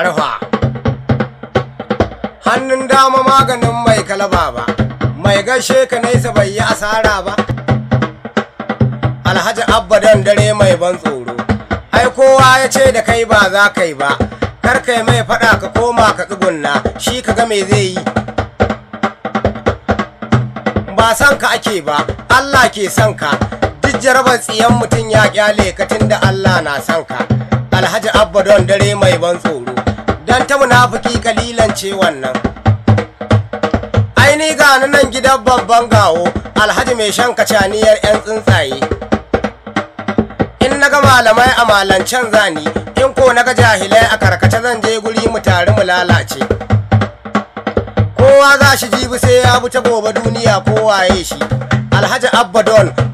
arfa hannun dama maganin mai kalaba ba mai gashe ka nesa bai yi asara ba alhaji Abba don dare mai ban tsoro ai kowa ya ce da kai ba za ka yi ba kar kai mai fada ka koma ka tsugunna shi ka ga me zai yi ba san ka ake ba allah ke son ka duk jarabar tsiyan mutum ya kyale ka tunda allah na son ka alhaji Abba don dare mai ban tsoro dan ta munafiki kalilan ce wannan aini ga nan gidan babban gawo alhaji mai shan kacaniyar yan tsuntsaye in naga malamai a malancan zani in ko ga jahilai a karkace zan je guri mu tare mu lalace kowa za shi jibi sai ya bi ta gobe duniya kowa shi alhaji abba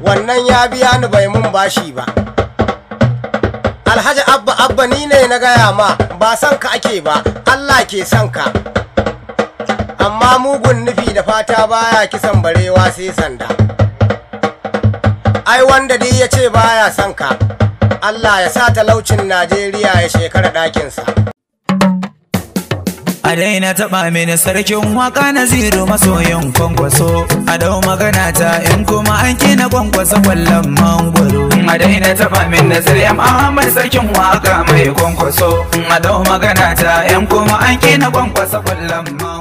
wannan ya biya ni bai mun bashi ba alhaji abba abba ni ne na gaya ma ba san ka ake ba allah ke san ka amma mugun nufi da fata baya kisan barewa sai sanda ai wanda dai ya ce baya san ka allah ya sa talaucin najeriya ya shekara ɗakinsa a daina taɓa mini sarkin waka na maso yin kwankwaso a dau magana ta in kuma an na kwankwaso kwallon mangwaro a daina taɓa mini sarya sarkin waka mai kwankwaso a dau magana ta in kuma an na kwankwaso kwallon mangwaro